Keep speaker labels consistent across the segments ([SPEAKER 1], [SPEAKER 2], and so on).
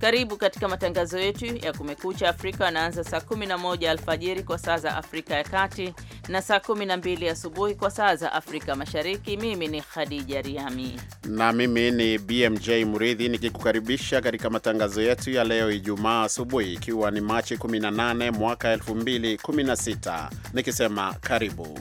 [SPEAKER 1] Karibu katika matangazo yetu ya kumekucha Afrika wanaanza saa 11 alfajiri kwa saa za Afrika ya Kati na saa 12 asubuhi kwa saa za Afrika Mashariki. Mimi ni Khadija Riami
[SPEAKER 2] na mimi ni BMJ Muridhi nikikukaribisha katika matangazo yetu ya leo Ijumaa asubuhi, ikiwa ni Machi 18 mwaka 2016, nikisema karibu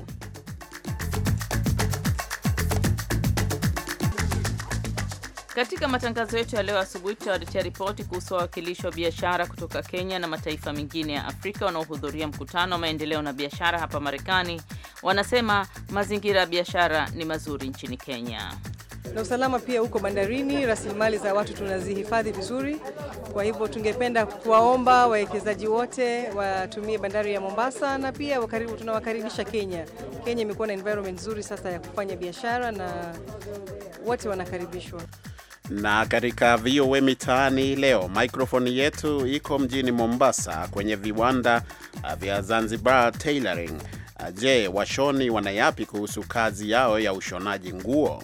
[SPEAKER 1] Katika matangazo yetu ya leo asubuhi tutawaletea ripoti kuhusu wawakilishi wa biashara kutoka Kenya na mataifa mengine ya Afrika wanaohudhuria mkutano wa maendeleo na biashara hapa Marekani. Wanasema mazingira ya biashara ni mazuri nchini Kenya
[SPEAKER 3] na usalama pia huko bandarini. Rasilimali za watu tunazihifadhi vizuri, kwa hivyo tungependa kuwaomba wawekezaji wote watumie bandari ya Mombasa, na pia wakaribu, tunawakaribisha Kenya. Kenya imekuwa na environment nzuri sasa ya kufanya biashara na wote wanakaribishwa.
[SPEAKER 2] Na katika VOA Mitaani leo, mikrofoni yetu iko mjini Mombasa kwenye viwanda uh, vya Zanzibar Tailoring. Uh, je, washoni wanayapi kuhusu kazi yao ya ushonaji nguo?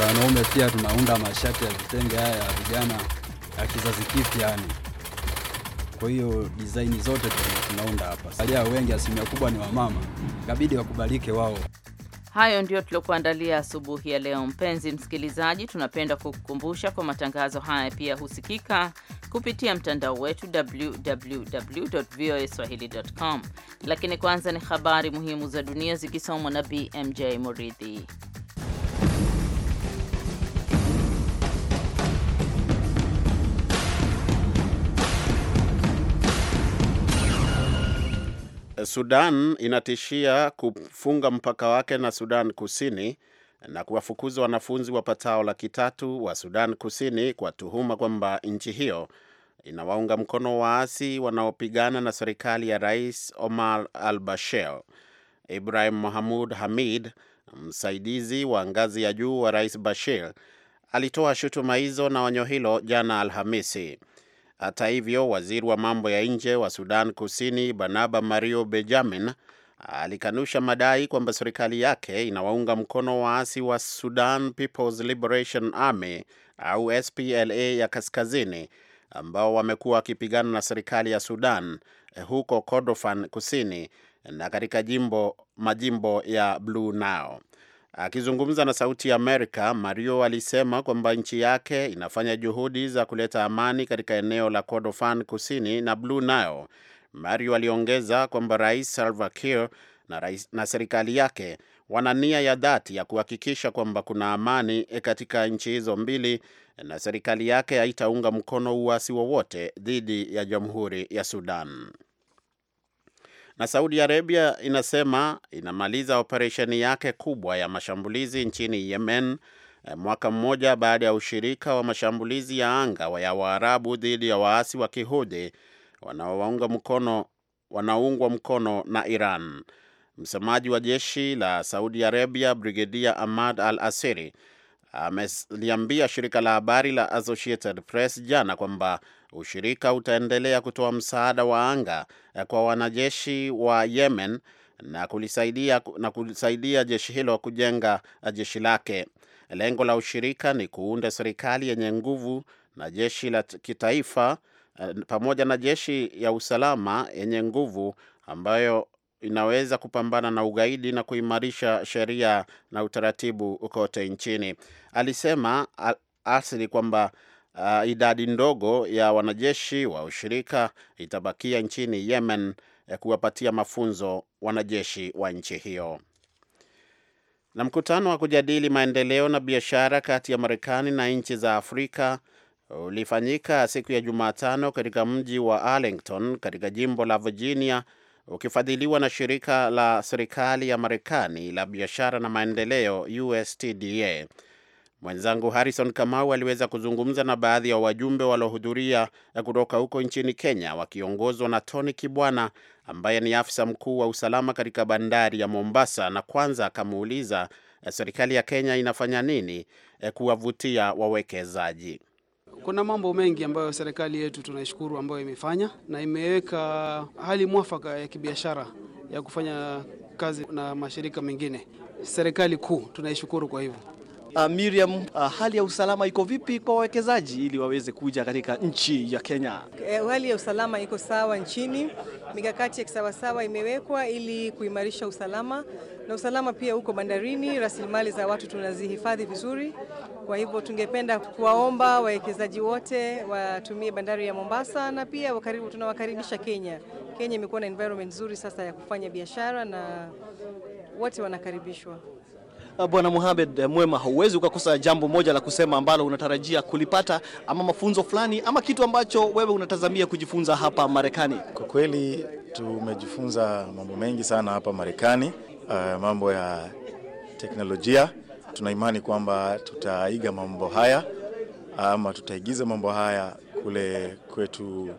[SPEAKER 4] Wanaume pia tunaunda mashati ya vitenge haya ya vijana ya kizazi kipya yani. Kwa hiyo dizaini zote tunaunda hapa. Wengi asilimia kubwa ni wamama, ikabidi wakubalike wao.
[SPEAKER 1] Hayo ndio tuliokuandalia asubuhi ya leo. Mpenzi msikilizaji, tunapenda kukukumbusha kwa matangazo haya pia husikika kupitia mtandao wetu www voa swahilicom Lakini kwanza ni habari muhimu za dunia zikisomwa na BMJ Muridhi.
[SPEAKER 2] Sudan inatishia kufunga mpaka wake na Sudan Kusini na kuwafukuza wanafunzi wapatao laki tatu wa Sudan Kusini kwa tuhuma kwamba nchi hiyo inawaunga mkono waasi wanaopigana na serikali ya Rais Omar al-Bashir. Ibrahim Mahamud Hamid, msaidizi wa ngazi ya juu wa Rais Bashir, alitoa shutuma hizo na onyo hilo jana Alhamisi. Hata hivyo, waziri wa mambo ya nje wa Sudan Kusini Barnaba Mario Benjamin alikanusha madai kwamba serikali yake inawaunga mkono waasi wa Sudan People's Liberation Army au SPLA ya kaskazini ambao wamekuwa wakipigana na serikali ya Sudan eh, huko Kordofan Kusini na katika jimbo majimbo ya Blue Nile. Akizungumza na Sauti ya Amerika, Mario alisema kwamba nchi yake inafanya juhudi za kuleta amani katika eneo la Kordofan Kusini na Blue Nile. Mario aliongeza kwamba Rais Salva Kiir na, rais, na serikali yake wana nia ya dhati ya kuhakikisha kwamba kuna amani katika nchi hizo mbili na serikali yake haitaunga mkono uasi wowote dhidi ya Jamhuri ya Sudan. Na Saudi Arabia inasema inamaliza operesheni yake kubwa ya mashambulizi nchini Yemen eh, mwaka mmoja baada ya ushirika wa mashambulizi ya anga ya Waarabu dhidi ya waasi wa Kihudi wanaoungwa mkono wanaungwa mkono na Iran. Msemaji wa jeshi la Saudi Arabia Brigedia Ahmad Al Asiri ameliambia shirika la habari la Associated Press jana kwamba ushirika utaendelea kutoa msaada wa anga kwa wanajeshi wa Yemen na kulisaidia, na kulisaidia jeshi hilo kujenga jeshi lake. Lengo la ushirika ni kuunda serikali yenye nguvu na jeshi la kitaifa eh, pamoja na jeshi ya usalama yenye nguvu ambayo inaweza kupambana na ugaidi na kuimarisha sheria na utaratibu kote nchini. Alisema asili kwamba uh, idadi ndogo ya wanajeshi wa ushirika itabakia nchini Yemen e, kuwapatia mafunzo wanajeshi wa nchi hiyo. Na mkutano wa kujadili maendeleo na biashara kati ya Marekani na nchi za Afrika ulifanyika siku ya Jumatano katika mji wa Arlington katika jimbo la Virginia ukifadhiliwa na shirika la serikali ya Marekani la biashara na maendeleo USTDA. Mwenzangu Harrison Kamau aliweza kuzungumza na baadhi ya wajumbe waliohudhuria kutoka huko nchini Kenya wakiongozwa na Tony Kibwana ambaye ni afisa mkuu wa usalama katika bandari ya Mombasa, na kwanza akamuuliza eh, serikali ya Kenya inafanya nini eh, kuwavutia wawekezaji.
[SPEAKER 5] Kuna mambo mengi ambayo serikali yetu tunaishukuru ambayo imefanya na imeweka hali mwafaka ya kibiashara ya kufanya kazi na mashirika mengine. Serikali kuu tunaishukuru kwa hivyo. Uh, Miriam, uh, hali ya usalama iko vipi kwa wawekezaji ili waweze kuja
[SPEAKER 6] katika nchi ya Kenya?
[SPEAKER 3] E, hali ya usalama iko sawa nchini. Mikakati ya kisawasawa imewekwa ili kuimarisha usalama na usalama pia uko bandarini. Rasilimali za watu tunazihifadhi vizuri, kwa hivyo tungependa kuwaomba wawekezaji wote watumie bandari ya Mombasa, na pia wakaribu, tunawakaribisha Kenya. Kenya imekuwa na environment nzuri sasa ya kufanya biashara na wote wanakaribishwa.
[SPEAKER 5] Ah, Bwana Mohamed eh, Mwema, huwezi ukakosa jambo moja la kusema ambalo unatarajia kulipata ama mafunzo fulani
[SPEAKER 6] ama kitu ambacho wewe unatazamia kujifunza hapa Marekani. Kwa kweli tumejifunza mambo mengi sana hapa Marekani uh, mambo ya teknolojia. Tuna imani kwamba tutaiga mambo haya ama tutaigiza mambo haya kule kwetu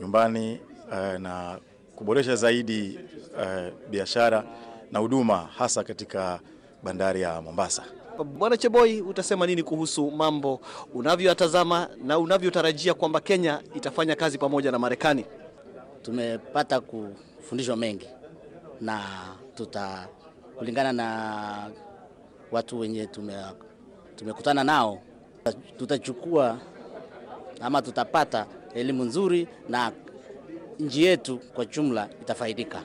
[SPEAKER 6] nyumbani uh, na kuboresha zaidi uh, biashara na huduma hasa katika bandari ya Mombasa.
[SPEAKER 5] Bwana Cheboi, utasema nini kuhusu mambo unavyotazama na unavyotarajia kwamba Kenya itafanya kazi pamoja na Marekani? Tumepata kufundishwa mengi na tuta kulingana na watu wenye tume, tumekutana nao tutachukua ama tutapata elimu nzuri na nchi yetu kwa jumla itafaidika.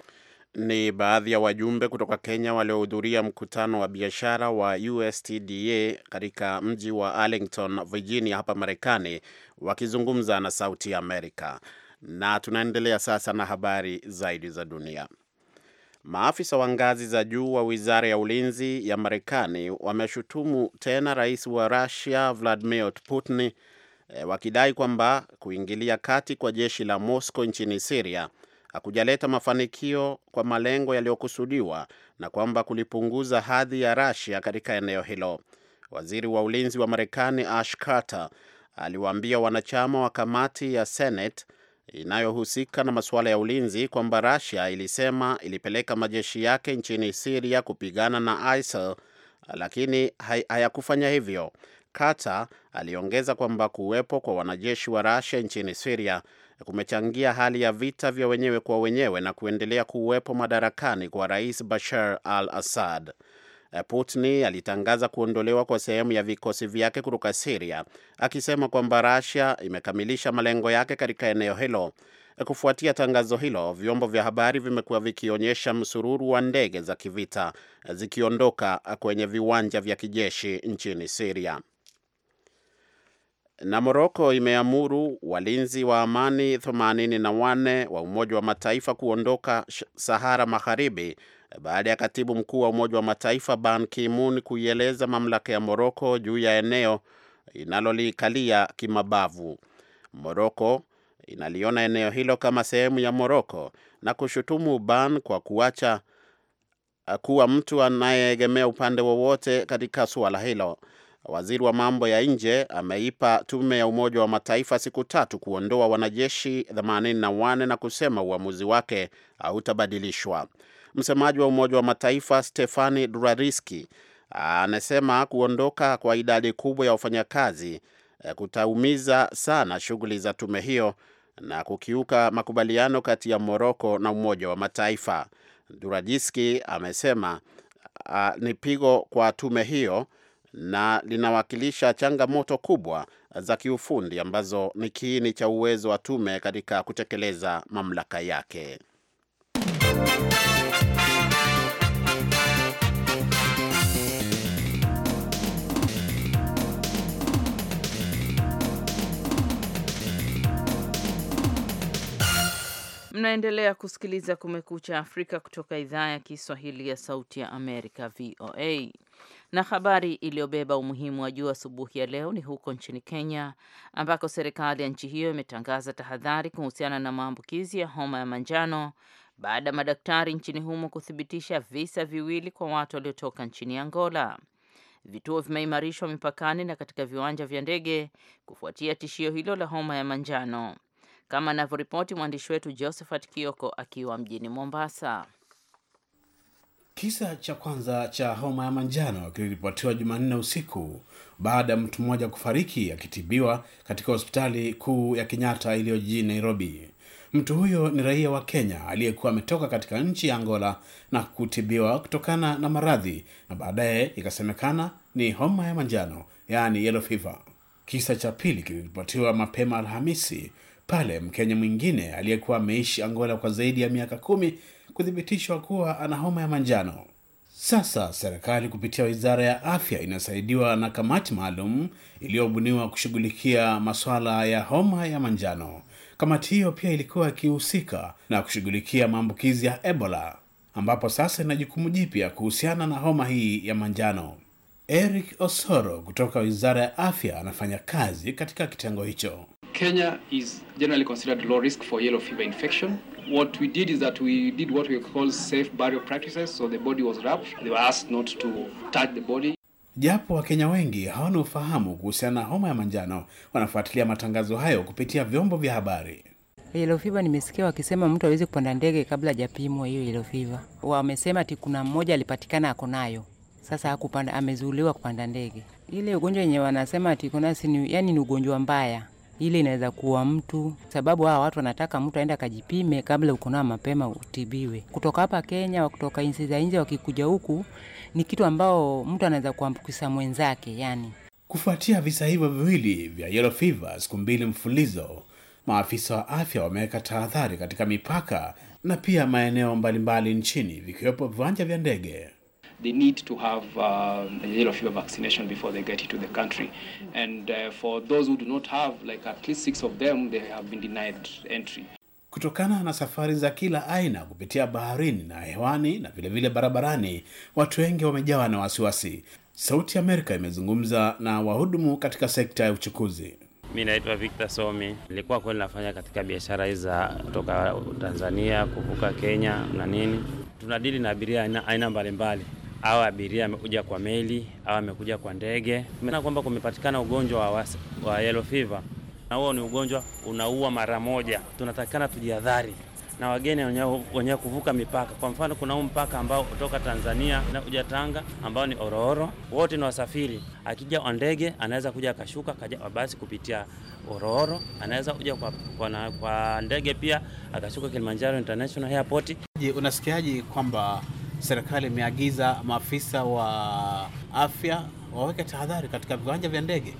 [SPEAKER 2] Ni baadhi ya wajumbe kutoka Kenya waliohudhuria mkutano wa biashara wa USTDA katika mji wa Arlington, Virginia hapa Marekani wakizungumza na Sauti ya Amerika. Na tunaendelea sasa na habari zaidi za dunia. Maafisa wa ngazi za juu wa wizara ya ulinzi ya Marekani wameshutumu tena rais wa Rusia Vladimir Putin e, wakidai kwamba kuingilia kati kwa jeshi la Moscow nchini Siria hakujaleta mafanikio kwa malengo yaliyokusudiwa na kwamba kulipunguza hadhi ya rasia katika eneo hilo. Waziri wa ulinzi wa Marekani Ash Carter aliwaambia wanachama wa kamati ya Senate inayohusika na masuala ya ulinzi kwamba Russia ilisema ilipeleka majeshi yake nchini siria kupigana na ISIL lakini hayakufanya hivyo. Kata aliongeza kwamba kuwepo kwa wanajeshi wa Russia nchini siria kumechangia hali ya vita vya wenyewe kwa wenyewe na kuendelea kuwepo madarakani kwa Rais Bashar al-Assad. Eh, putni alitangaza kuondolewa kwa sehemu ya vikosi vyake kutoka Siria akisema kwamba rasia imekamilisha malengo yake katika eneo hilo. Eh, kufuatia tangazo hilo, vyombo vya habari vimekuwa vikionyesha msururu wa ndege za kivita eh, zikiondoka kwenye viwanja vya kijeshi nchini Siria. Na Moroko imeamuru walinzi wa amani 84 wa Umoja wa Mataifa kuondoka Sahara Magharibi baada ya katibu mkuu wa Umoja wa Mataifa Ban Ki-moon kuieleza mamlaka ya Moroko juu ya eneo inalolikalia kimabavu. Moroko inaliona eneo hilo kama sehemu ya Moroko na kushutumu Ban kwa kuacha eh, kuwa mtu anayeegemea upande wowote katika suala hilo. Waziri wa mambo ya nje ameipa tume ya Umoja wa Mataifa siku tatu kuondoa wanajeshi 81 na kusema uamuzi wake hautabadilishwa. Msemaji wa Umoja wa Mataifa Stefani Durariski anasema kuondoka kwa idadi kubwa ya wafanyakazi eh, kutaumiza sana shughuli za tume hiyo na kukiuka makubaliano kati ya Moroko na Umoja wa Mataifa. Durajiski amesema a, ah, ni pigo kwa tume hiyo na linawakilisha changamoto kubwa za kiufundi ambazo ni kiini cha uwezo wa tume katika kutekeleza mamlaka yake.
[SPEAKER 1] Mnaendelea kusikiliza Kumekucha Afrika kutoka idhaa ya Kiswahili ya Sauti ya Amerika, VOA. Na habari iliyobeba umuhimu wa juu asubuhi ya leo ni huko nchini Kenya, ambako serikali ya nchi hiyo imetangaza tahadhari kuhusiana na maambukizi ya homa ya manjano baada ya madaktari nchini humo kuthibitisha visa viwili kwa watu waliotoka nchini Angola. Vituo vimeimarishwa mipakani na katika viwanja vya ndege kufuatia tishio hilo la homa ya manjano kama anavyoripoti mwandishi wetu Josephat Kioko akiwa mjini Mombasa.
[SPEAKER 5] Kisa cha kwanza cha homa ya manjano kiliripotiwa Jumanne usiku baada ya mtu mmoja kufariki akitibiwa katika hospitali kuu ya Kenyatta iliyo jijini Nairobi. Mtu huyo ni raia wa Kenya aliyekuwa ametoka katika nchi ya Angola na kutibiwa kutokana na maradhi na baadaye ikasemekana ni homa ya manjano, yaani yellow fever. Kisa cha pili kiliripotiwa mapema Alhamisi pale Mkenya mwingine aliyekuwa ameishi Angola kwa zaidi ya miaka kumi kuthibitishwa kuwa ana homa ya manjano. Sasa serikali kupitia wizara ya afya inasaidiwa na kamati maalum iliyobuniwa kushughulikia masuala ya homa ya manjano. Kamati hiyo pia ilikuwa ikihusika na kushughulikia maambukizi ya Ebola, ambapo sasa ina jukumu jipya kuhusiana na homa hii ya manjano. Eric Osoro kutoka wizara ya afya anafanya kazi katika kitengo hicho.
[SPEAKER 7] Kenya is generally considered low risk for yellow fever infection. What we did is that we did what we call safe burial practices, so the body was wrapped. They were asked not to touch the body.
[SPEAKER 5] Japo Wakenya wengi hawana ufahamu kuhusiana na homa ya manjano, wanafuatilia matangazo hayo kupitia vyombo vya habari.
[SPEAKER 1] Yellow fever nimesikia wakisema mtu hawezi kupanda ndege kabla hajapimwa hiyo yellow fever. Wamesema ati kuna mmoja alipatikana ako nayo. Sasa hakupanda, amezuiliwa kupanda ndege. Ile ugonjwa yenye wanasema ati kuna sini, yani ni ugonjwa mbaya ili inaweza kuwa mtu, sababu hawa watu wanataka mtu aende akajipime kabla ukonoa mapema utibiwe. Kutoka hapa Kenya, kutoka nchi za nje, wakikuja huku ni kitu ambao mtu anaweza kuambukiza mwenzake yani.
[SPEAKER 5] Kufuatia visa hivyo viwili vya yellow fever siku mbili mfulizo, maafisa wa afya wameweka tahadhari katika mipaka na pia maeneo mbalimbali nchini vikiwepo viwanja vya ndege
[SPEAKER 7] they need to have uh, the yellow fever vaccination before they get into the country. And uh, for those who do not have, like at least six of them, they have been denied entry.
[SPEAKER 5] Kutokana na safari za kila aina kupitia baharini na hewani na vilevile vile barabarani, watu wengi wamejawa na wasiwasi. Sauti ya Amerika imezungumza na wahudumu katika sekta ya uchukuzi.
[SPEAKER 7] Mi naitwa Victor Somi, nilikuwa kweli nafanya katika biashara hizi za kutoka Tanzania kuvuka Kenya na nini. Tunadili na abiria aina, aina mbalimbali mbali au abiria amekuja kwa meli au amekuja kwa ndege, na kwamba kumepatikana ugonjwa wa, wa yellow fever, na huo ni ugonjwa unaua mara moja. Tunatakikana tujihadhari na wageni wenye kuvuka mipaka. Kwa mfano, kuna huu mpaka ambao kutoka Tanzania na kuja Tanga ambao ni Orooro, wote ni wasafiri. Akija kwa ndege anaweza kuja akashuka kaja kwa basi kupitia Orooro, anaweza kuja kwa, kwa, kwa ndege pia akashuka Kilimanjaro International Airport. Je,
[SPEAKER 5] unasikiaje kwamba serikali imeagiza maafisa wa afya
[SPEAKER 7] waweke tahadhari katika viwanja vya ndege.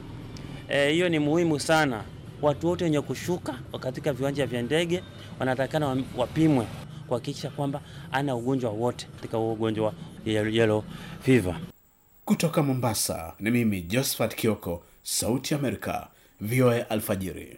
[SPEAKER 7] E, hiyo e, ni muhimu sana. Watu wote wenye kushuka katika viwanja vya ndege wanatakana wapimwe kuhakikisha kwamba ana ugonjwa wote katika ugonjwa yellow fever.
[SPEAKER 5] Kutoka Mombasa ni mimi Josephat Kioko, Sauti ya Amerika, VOA Alfajiri.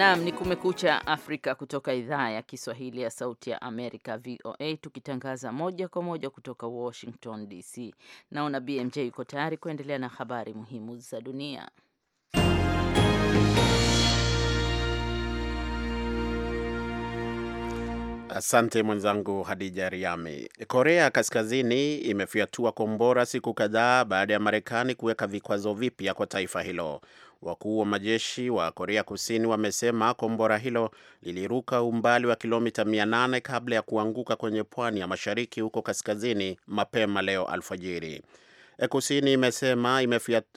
[SPEAKER 1] Naam, ni Kumekucha Afrika kutoka idhaa ya Kiswahili ya Sauti ya Amerika, VOA, tukitangaza moja kwa moja kutoka Washington DC. Naona BMJ yuko tayari kuendelea na habari muhimu za dunia.
[SPEAKER 2] Asante mwenzangu Hadija Riami. Korea Kaskazini imefyatua kombora siku kadhaa baada ya Marekani kuweka vikwazo vipya kwa taifa hilo. Wakuu wa majeshi wa Korea Kusini wamesema kombora hilo liliruka umbali wa kilomita 800 kabla ya kuanguka kwenye pwani ya mashariki huko kaskazini mapema leo alfajiri. E, Kusini imesema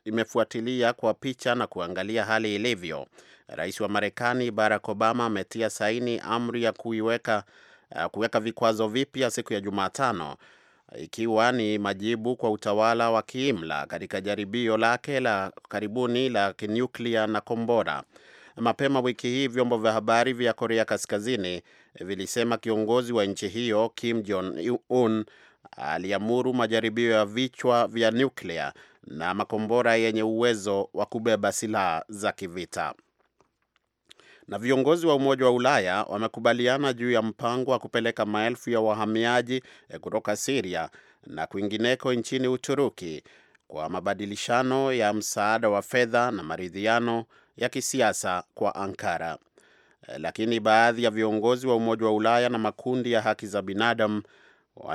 [SPEAKER 2] imefuatilia kwa picha na kuangalia hali ilivyo Rais wa Marekani Barack Obama ametia saini amri ya kuiweka kuweka vikwazo vipya siku ya Jumatano ikiwa ni majibu kwa utawala wa kiimla katika jaribio lake la karibuni la kinyuklia na kombora. Mapema wiki hii vyombo vya habari vya Korea Kaskazini vilisema kiongozi wa nchi hiyo Kim Jong Un aliamuru majaribio ya vichwa vya nyuklia na makombora yenye uwezo wa kubeba silaha za kivita. Na viongozi wa Umoja wa Ulaya wamekubaliana juu ya mpango wa kupeleka maelfu ya wahamiaji eh, kutoka Siria na kwingineko nchini Uturuki kwa mabadilishano ya msaada wa fedha na maridhiano ya kisiasa kwa Ankara. Eh, lakini baadhi ya viongozi wa Umoja wa Ulaya na makundi ya haki za binadamu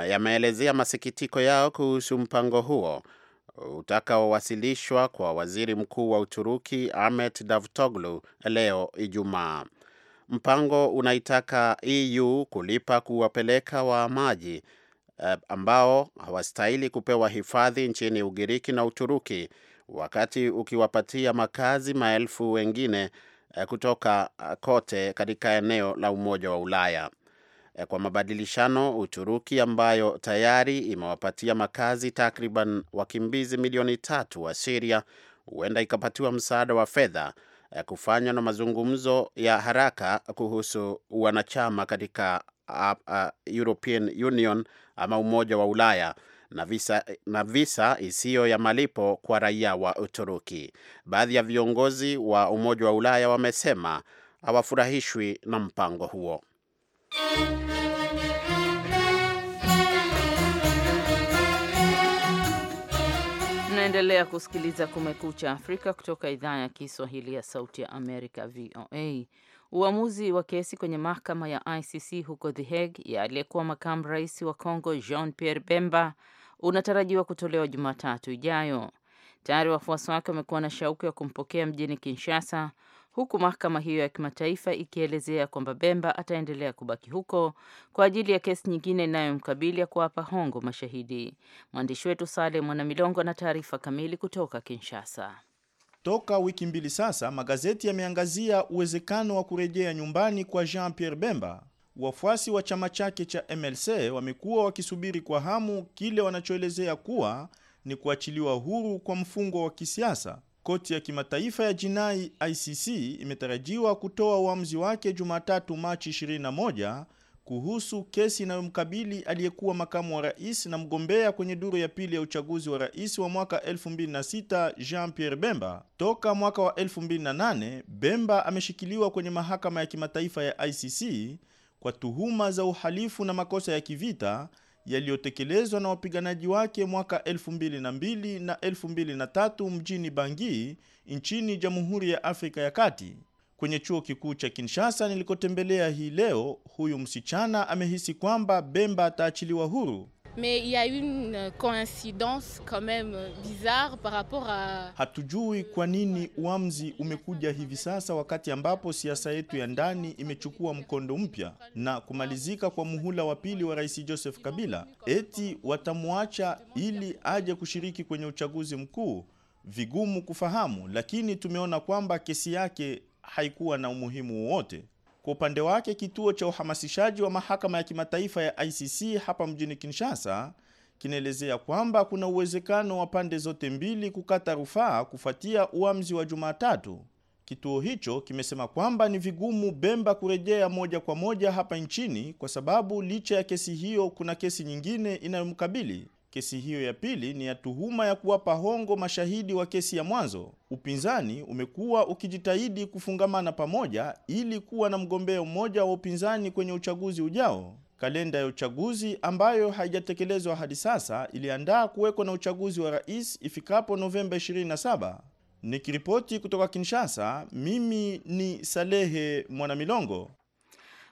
[SPEAKER 2] eh, yameelezea masikitiko yao kuhusu mpango huo utakaowasilishwa kwa waziri mkuu wa Uturuki Ahmet Davutoglu leo Ijumaa. Mpango unaitaka EU kulipa kuwapeleka maji eh, ambao hawastahili kupewa hifadhi nchini Ugiriki na Uturuki, wakati ukiwapatia makazi maelfu wengine eh, kutoka eh, kote katika eneo la Umoja wa Ulaya. Eh, kwa mabadilishano Uturuki ambayo tayari imewapatia makazi takriban wakimbizi milioni tatu wa Siria huenda ikapatiwa msaada wa fedha eh, kufanywa na mazungumzo ya haraka kuhusu wanachama katika uh, uh, European Union ama Umoja wa Ulaya na visa, na visa isiyo ya malipo kwa raia wa Uturuki. Baadhi ya viongozi wa Umoja wa Ulaya wamesema hawafurahishwi na mpango
[SPEAKER 1] huo unaendelea kusikiliza Kumekucha Afrika kutoka idhaa ya Kiswahili ya Sauti ya Amerika, VOA. Uamuzi wa kesi kwenye mahakama ya ICC huko The Hague ya aliyekuwa makamu rais wa Congo Jean Pierre Bemba unatarajiwa kutolewa Jumatatu ijayo. Tayari wafuasi wake wamekuwa na shauku ya kumpokea mjini Kinshasa huku mahakama hiyo ya kimataifa ikielezea kwamba Bemba ataendelea kubaki huko kwa ajili ya kesi nyingine inayomkabili ya kuwapa hongo mashahidi. Mwandishi wetu Sale Mwanamilongo ana taarifa kamili kutoka Kinshasa.
[SPEAKER 6] Toka wiki mbili sasa, magazeti yameangazia uwezekano wa kurejea nyumbani kwa Jean Pierre Bemba. Wafuasi wa chama chake cha MLC wamekuwa wakisubiri kwa hamu kile wanachoelezea kuwa ni kuachiliwa huru kwa mfungo wa kisiasa Koti ya kimataifa ya jinai ICC imetarajiwa kutoa uamuzi wake Jumatatu Machi 21 kuhusu kesi inayomkabili aliyekuwa makamu wa rais na mgombea kwenye duru ya pili ya uchaguzi wa rais wa mwaka 2006 Jean Pierre Bemba. Toka mwaka wa 2008 Bemba ameshikiliwa kwenye mahakama ya kimataifa ya ICC kwa tuhuma za uhalifu na makosa ya kivita yaliyotekelezwa na wapiganaji wake mwaka 2002 na 2003 mjini Bangui nchini Jamhuri ya Afrika ya Kati. Kwenye chuo kikuu cha Kinshasa nilikotembelea hii leo, huyu msichana amehisi kwamba Bemba ataachiliwa huru
[SPEAKER 1] Me, ya une euh, coïncidence quand même euh, bizarre par rapport à...
[SPEAKER 6] Hatujui kwa nini uamzi umekuja hivi sasa wakati ambapo siasa yetu ya ndani imechukua mkondo mpya na kumalizika kwa muhula wa pili wa Rais Joseph Kabila, eti watamwacha ili aje kushiriki kwenye uchaguzi mkuu. Vigumu kufahamu, lakini tumeona kwamba kesi yake haikuwa na umuhimu wowote. Kwa upande wake, kituo cha uhamasishaji wa mahakama ya kimataifa ya ICC hapa mjini Kinshasa kinaelezea kwamba kuna uwezekano wa pande zote mbili kukata rufaa kufuatia uamuzi wa Jumatatu. Kituo hicho kimesema kwamba ni vigumu Bemba kurejea moja kwa moja hapa nchini kwa sababu licha ya kesi hiyo kuna kesi nyingine inayomkabili Kesi hiyo ya pili ni ya tuhuma ya kuwapa hongo mashahidi wa kesi ya mwanzo. Upinzani umekuwa ukijitahidi kufungamana pamoja ili kuwa na mgombea mmoja wa upinzani kwenye uchaguzi ujao. Kalenda ya uchaguzi ambayo haijatekelezwa hadi sasa iliandaa kuwekwa na uchaguzi wa rais ifikapo Novemba 27. Nikiripoti kutoka Kinshasa, mimi ni Salehe Mwanamilongo.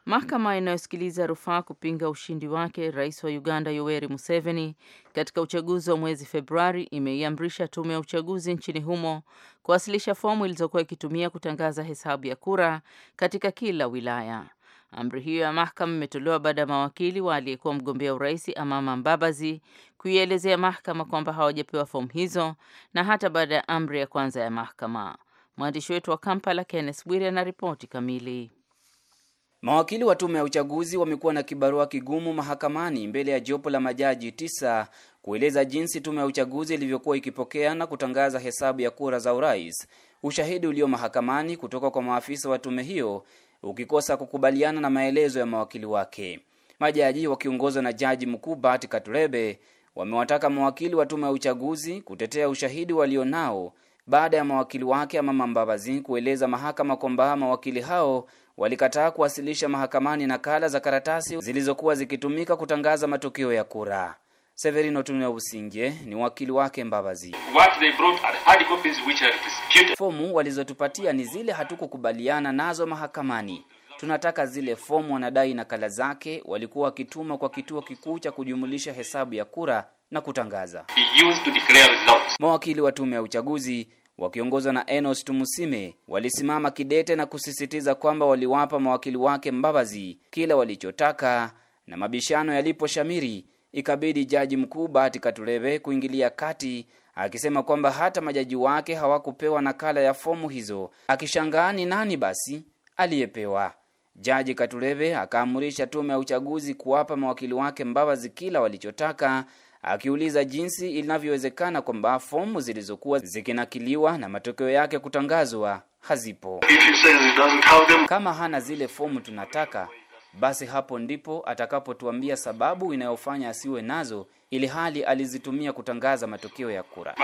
[SPEAKER 1] Mahakama inayosikiliza rufaa kupinga ushindi wake rais wa Uganda Yoweri Museveni katika uchaguzi wa mwezi Februari imeiamrisha tume ya uchaguzi nchini humo kuwasilisha fomu ilizokuwa ikitumia kutangaza hesabu ya kura katika kila wilaya. Amri hiyo ya mahakama imetolewa baada ya mawakili wa aliyekuwa mgombea urais Amama Mbabazi kuielezea mahakama kwamba hawajapewa fomu hizo na hata baada ya amri ya kwanza ya mahakama. Mwandishi wetu wa Kampala Kenneth Bwire ana ripoti kamili. Mawakili
[SPEAKER 7] wa tume ya uchaguzi wamekuwa na kibarua kigumu mahakamani mbele ya jopo la majaji tisa kueleza jinsi tume ya uchaguzi ilivyokuwa ikipokea na kutangaza hesabu ya kura za urais, ushahidi ulio mahakamani kutoka kwa maafisa wa tume hiyo ukikosa kukubaliana na maelezo ya mawakili wake. Majaji wakiongozwa na jaji mkuu Bart Katurebe wamewataka mawakili wa tume ya uchaguzi kutetea ushahidi walionao baada ya mawakili wake Amama Mbabazi kueleza mahakama kwamba mawakili hao walikataa kuwasilisha mahakamani nakala za karatasi zilizokuwa zikitumika kutangaza matokeo ya kura. Severino Tunia Busingye ni wakili wake Mbabazi. Fomu walizotupatia ni zile hatukukubaliana nazo mahakamani. Tunataka zile fomu wanadai nakala zake walikuwa wakituma kwa kituo kikuu cha kujumulisha hesabu ya kura na kutangaza. Mawakili wa tume ya uchaguzi wakiongozwa na Enos Tumusime walisimama kidete na kusisitiza kwamba waliwapa mawakili wake Mbabazi kila walichotaka, na mabishano yaliposhamiri ikabidi jaji mkuu Bahati katureve kuingilia kati akisema kwamba hata majaji wake hawakupewa nakala ya fomu hizo, akishangaa ni nani basi aliyepewa. Jaji katureve akaamrisha tume ya uchaguzi kuwapa mawakili wake Mbabazi kila walichotaka akiuliza jinsi inavyowezekana kwamba fomu zilizokuwa zikinakiliwa na matokeo yake kutangazwa hazipo. Kama hana zile fomu tunataka, basi hapo ndipo atakapotuambia sababu inayofanya asiwe nazo, ili hali alizitumia kutangaza matokeo ya kura.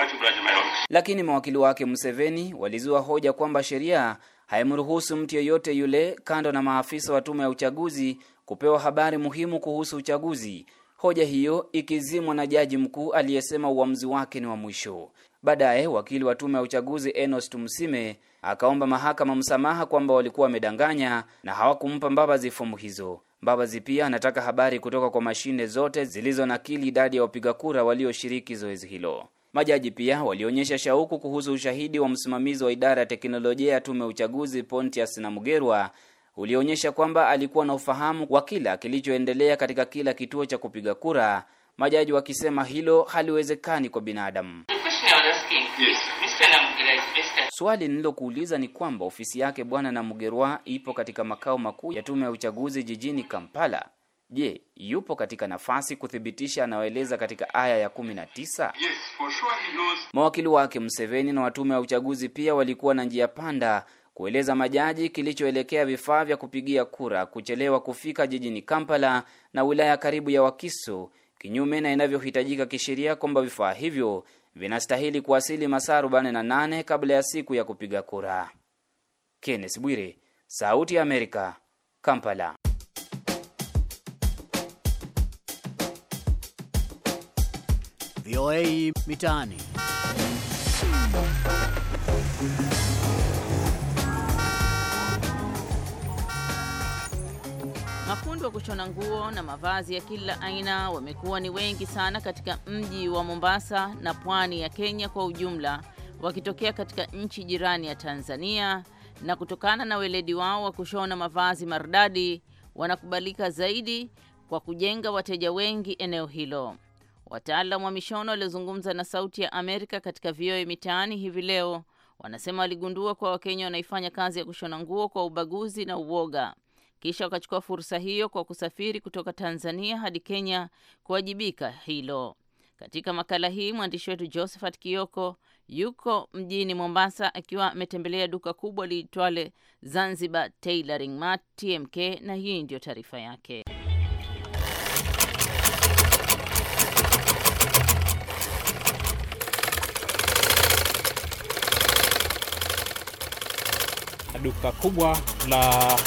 [SPEAKER 7] Lakini mawakili wake Museveni walizua hoja kwamba sheria haimruhusu mtu yeyote yule, kando na maafisa wa tume ya uchaguzi, kupewa habari muhimu kuhusu uchaguzi hoja hiyo ikizimwa na jaji mkuu aliyesema uamuzi wake ni wa mwisho. Baadaye wakili wa tume ya uchaguzi Enos Tumsime akaomba mahakama msamaha kwamba walikuwa wamedanganya na hawakumpa Mbabazi fomu hizo. Mbabazi pia anataka habari kutoka kwa mashine zote zilizonakili idadi ya wapiga kura walioshiriki zoezi hilo. Majaji pia walionyesha shauku kuhusu ushahidi wa msimamizi wa idara ya teknolojia ya tume ya uchaguzi Pontius Namugerwa ulionyesha kwamba alikuwa na ufahamu wa kila kilichoendelea katika kila kituo cha kupiga kura, majaji wakisema hilo haliwezekani kwa binadamu. Swali nililokuuliza ni kwamba ofisi yake Bwana Namugerwa ipo katika makao makuu ya tume ya uchaguzi jijini Kampala. Je, yupo katika nafasi kuthibitisha anayoeleza katika aya ya 19? Yes, sure mawakili wake Mseveni na watume wa uchaguzi pia walikuwa na njia panda kueleza majaji kilichoelekea vifaa vya kupigia kura kuchelewa kufika jijini Kampala na wilaya karibu ya Wakiso, kinyume na inavyohitajika kisheria kwamba vifaa hivyo vinastahili kuwasili masaa 48 kabla ya siku ya kupiga kura. Kenneth Bwire, Sauti ya Amerika, Kampala.
[SPEAKER 5] VOA Mitaani.
[SPEAKER 1] Mafundi wa kushona nguo na mavazi ya kila aina wamekuwa ni wengi sana katika mji wa Mombasa na pwani ya Kenya kwa ujumla, wakitokea katika nchi jirani ya Tanzania, na kutokana na weledi wao wa kushona mavazi maridadi, wanakubalika zaidi kwa kujenga wateja wengi eneo hilo. Wataalamu wa mishono waliozungumza na Sauti ya Amerika katika VOA Mitaani hivi leo wanasema waligundua kuwa Wakenya wanaifanya kazi ya kushona nguo kwa ubaguzi na uoga kisha wakachukua fursa hiyo kwa kusafiri kutoka Tanzania hadi Kenya kuwajibika hilo. Katika makala hii mwandishi wetu Josephat Kioko yuko mjini Mombasa akiwa ametembelea duka kubwa liitwale Zanzibar Tailoring Mart TMK, na hii ndiyo taarifa yake.
[SPEAKER 5] Duka kubwa la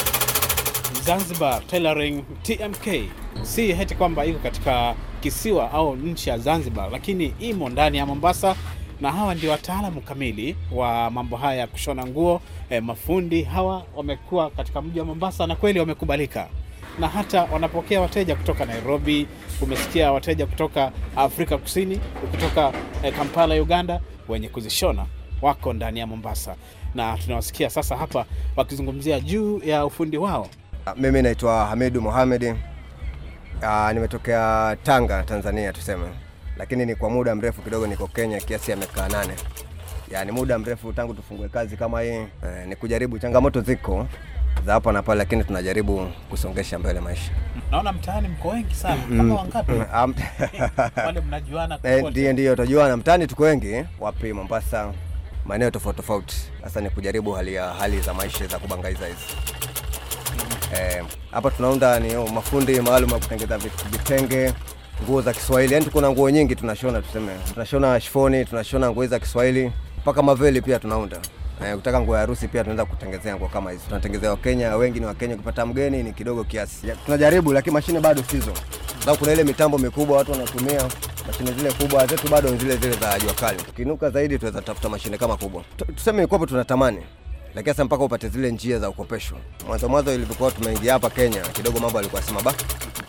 [SPEAKER 5] Zanzibar Tailoring TMK si heti kwamba iko katika kisiwa au nchi ya Zanzibar, lakini imo ndani ya Mombasa na hawa ndio wataalamu kamili wa mambo haya ya kushona nguo. E, mafundi hawa wamekuwa katika mji wa Mombasa na kweli wamekubalika, na hata wanapokea wateja kutoka Nairobi, umesikia wateja kutoka Afrika Kusini, kutoka e, Kampala Uganda, wenye kuzishona wako ndani ya Mombasa na tunawasikia sasa hapa wakizungumzia juu ya ufundi wao.
[SPEAKER 3] Ah, mimi naitwa Hamidu Mohamed. Uh, nimetokea Tanga, Tanzania tuseme, lakini ni kwa muda mrefu kidogo niko Kenya kiasi ya miaka nane, yaani muda mrefu tangu tufungue kazi kama hii. Eh, ni kujaribu, changamoto ziko za hapa na pale, lakini tunajaribu kusongesha mbele maisha.
[SPEAKER 5] Naona mtaani mko wengi sana, kama wangapi?
[SPEAKER 3] Wale mnajuana eh, kokote? Ndiyo, ndiyo, tunajuana mtaani, tuko wengi. Wapi? Mombasa, maeneo tofauti tofauti. Sasa ni kujaribu hali ya hali za maisha za kubangaiza hizi Eh, hapa eh, tunaunda ni oh, mafundi maalum ya kutengeza vitenge, nguo za Kiswahili. Yani kuna nguo nyingi tunashona, tuseme tunashona shifoni, tunashona nguo za Kiswahili mpaka maveli pia tunaunda. Eh, kutaka nguo ya harusi pia tunaweza kutengezea nguo kama hizo. Tunatengezea Wakenya wengi, ni Wakenya. Kupata mgeni ni kidogo kiasi, ya, tunajaribu lakini mashine bado sizo, sababu kuna ile mitambo mikubwa watu wanatumia mashine zile kubwa zetu bado ni zile zile za jua kali. Ukinuka zaidi, tunaweza tafuta mashine kama kubwa, tuseme kopo tunatamani lakini sasa mpaka upate zile njia za ukopesho. Mwanzo mwanzo ilivyokuwa tumeingia hapa Kenya kidogo mambo alikuwa si mabaya,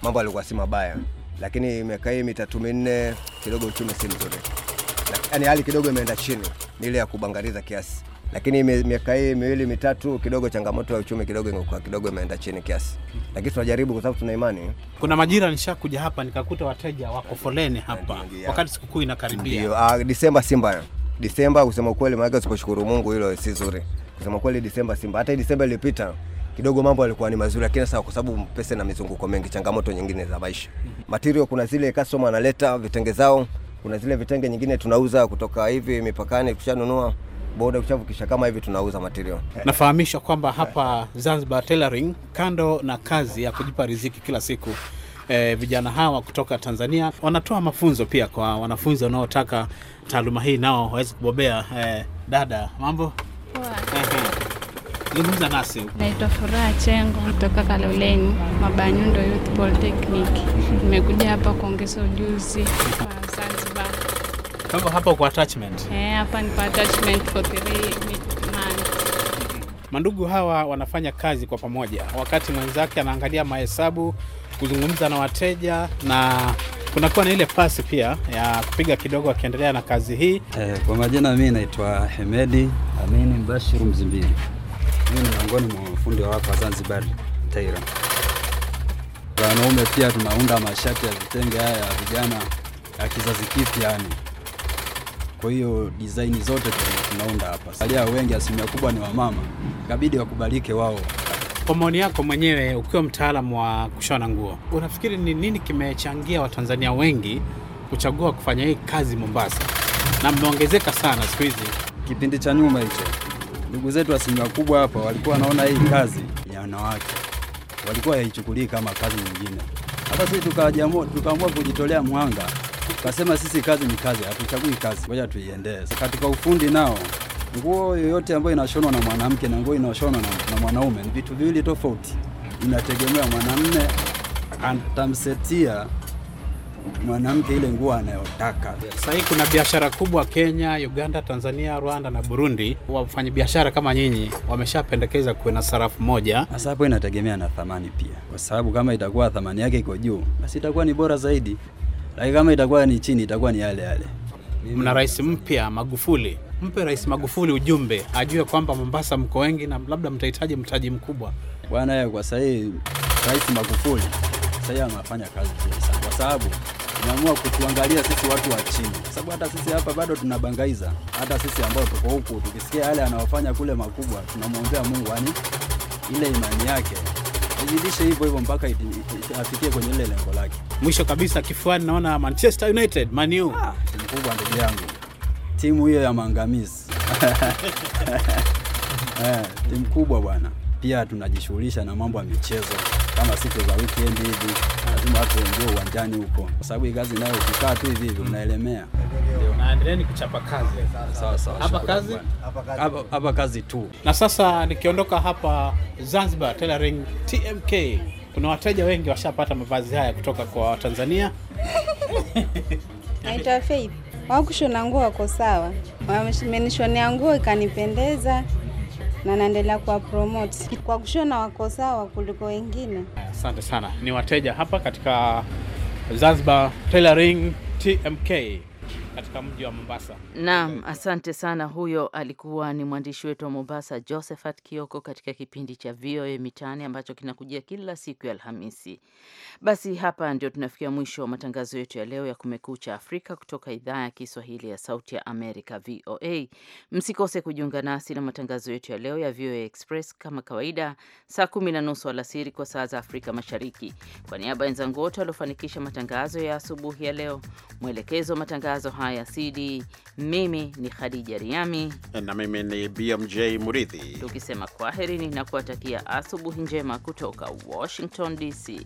[SPEAKER 3] mambo alikuwa si mabaya, lakini miaka hii mitatu minne kidogo uchumi si mzuri, yaani hali kidogo imeenda chini, ni ile ya kubangaliza kiasi lakini miaka hii miwili mitatu kidogo changamoto ya uchumi kidogo ingekuwa kidogo imeenda chini kiasi, lakini tunajaribu kwa sababu tuna imani.
[SPEAKER 5] Kuna majira nishakuja hapa nikakuta wateja wako foleni hapa wakati
[SPEAKER 3] sikukuu inakaribia. Ndio, ah, Disemba si mbaya. Disemba kusema ukweli, maana usiposhukuru Mungu hilo si zuri kusema kweli, Disemba Simba, hata Disemba iliyopita kidogo mambo yalikuwa ni mazuri, lakini sasa kwa sababu pesa na mizunguko mengi, changamoto nyingine za maisha, mhm. material, kuna zile customer analeta vitenge zao, kuna zile vitenge nyingine tunauza kutoka hivi mipakani, kushanunua boda kushavukisha kama hivi tunauza material.
[SPEAKER 5] Nafahamisha kwamba hapa Zanzibar Tailoring, kando na kazi ya kujipa riziki kila siku E, vijana hawa kutoka Tanzania wanatoa mafunzo pia kwa wanafunzi wanaotaka taaluma hii nao waweze kubobea. E, dada, mambo? Wow. E, eh. Zungumza nasi.
[SPEAKER 1] Naitwa Furaha Chengo kutoka Kaloleni, Mabanyundo Youth Polytechnic. Nimekuja hapa kuongeza ujuzi kwa Zanzibar.
[SPEAKER 5] Kama hapa kwa attachment.
[SPEAKER 1] Eh, hapa ni kwa attachment for three months.
[SPEAKER 5] Mandugu hawa wanafanya kazi kwa pamoja, wakati mwenzake anaangalia mahesabu, kuzungumza na wateja na kunakuwa na ile pasi pia ya
[SPEAKER 4] kupiga kidogo akiendelea na kazi hii. Eh, kwa majina mimi naitwa Hemedi Amini Mbashiru Mzimbili. Mimi ni miongoni mwa mafundi wa hapa Zanzibar TAIRA. Wanaume pia tunaunda mashati ya vitenge haya ya vijana ya kizazi kipya yani. Kwa hiyo design zote tunaunda hapa. Salia wengi, asilimia kubwa ni wamama, ikabidi wakubalike wao. Kwa maoni yako mwenyewe, ukiwa mtaalamu
[SPEAKER 5] wa kushona nguo, unafikiri ni nini kimechangia Watanzania wengi kuchagua kufanya
[SPEAKER 4] hii kazi Mombasa, na mmeongezeka sana siku hizi? Kipindi cha nyuma hicho ndugu zetu wa Simba kubwa hapa walikuwa wanaona hii kazi ya wanawake, walikuwa haichukulii kama kazi nyingine. Hapa sisi tukaamua kujitolea mwanga, tukasema sisi kazi ni kazi, hatuchagui kazi, ngoja tuiendee. Katika ufundi nao nguo yoyote ambayo inashonwa na mwanamke na nguo inashonwa na, na mwanaume ni vitu viwili tofauti, inategemea mwanamme atamsetia mwanamke ile nguo anayotaka. Sasa hii
[SPEAKER 5] kuna biashara kubwa Kenya, Uganda, Tanzania, Rwanda na Burundi. Wafanyabiashara
[SPEAKER 4] kama nyinyi wameshapendekeza kuwe na sarafu moja. Sasa hapo inategemea na thamani pia, kwa sababu kama itakuwa thamani yake iko juu, basi itakuwa ni bora zaidi, lakini kama itakuwa ni chini, itakuwa ni yale yale.
[SPEAKER 5] Mna rais mpya Magufuli, mpe Rais Magufuli ujumbe, ajue kwamba Mombasa mko wengi na labda mtahitaji mtaji mkubwa
[SPEAKER 4] bwana. Kwa sasa Rais Magufuli sasa anafanya kazi sana sababu umeamua kutuangalia sisi watu wa chini, kwa sababu hata sisi hapa bado tunabangaiza. Hata sisi ambao tuko huku tukisikia yale anayofanya kule makubwa, tunamwombea Mungu ani ile imani yake izidishe hivyo hivyo mpaka afikie kwenye ile lengo lake.
[SPEAKER 5] Mwisho kabisa, kifuani naona Manchester United, Man U,
[SPEAKER 4] ah, timu kubwa ndugu yangu, timu hiyo ya maangamizi eh, timu kubwa bwana. Pia tunajishughulisha na mambo ya michezo kama siku za weekend hivi, lazima watu wengi uwanjani huko, kwa sababu hii kazi nayo ukikaa tu hivi hivi unaelemea.
[SPEAKER 5] Naendeleeni kuchapa kazi sawa sawa, hapa kazi hapa kazi tu. Na sasa nikiondoka hapa Zanzibar Tailoring TMK, kuna wateja wengi washapata mavazi haya kutoka kwa Watanzania.
[SPEAKER 1] Naitwa Faith. Wakushona nguo wako sawa, wamenishonea nguo ikanipendeza na naendelea kuwa promote kwa kushona, wako sawa kuliko wengine.
[SPEAKER 5] Asante sana. Ni wateja hapa katika Zanzibar Tailoring TMK katika mji wa Mombasa.
[SPEAKER 1] Naam, asante sana. Huyo alikuwa ni mwandishi wetu wa Mombasa Josephat Kioko katika kipindi cha VOA Mitaani ambacho kinakujia kila siku ya Alhamisi. Basi hapa ndio tunafikia mwisho wa matangazo yetu ya leo ya Kumekucha Afrika kutoka idhaa ya Kiswahili ya Sauti ya Amerika VOA. Msikose kujiunga nasi na matangazo yetu ya leo ya VOA Express kama kawaida, saa kumi na nusu alasiri kwa saa za Afrika Mashariki. Kwa niaba ya wenzangu wote waliofanikisha matangazo ya asubuhi ya leo, mwelekezo wa matangazo haya haya sidi. Mimi ni Khadija Riami
[SPEAKER 2] na mimi ni BMJ
[SPEAKER 1] Muridhi, tukisema kwaherini na kuwatakia asubuhi njema kutoka Washington DC.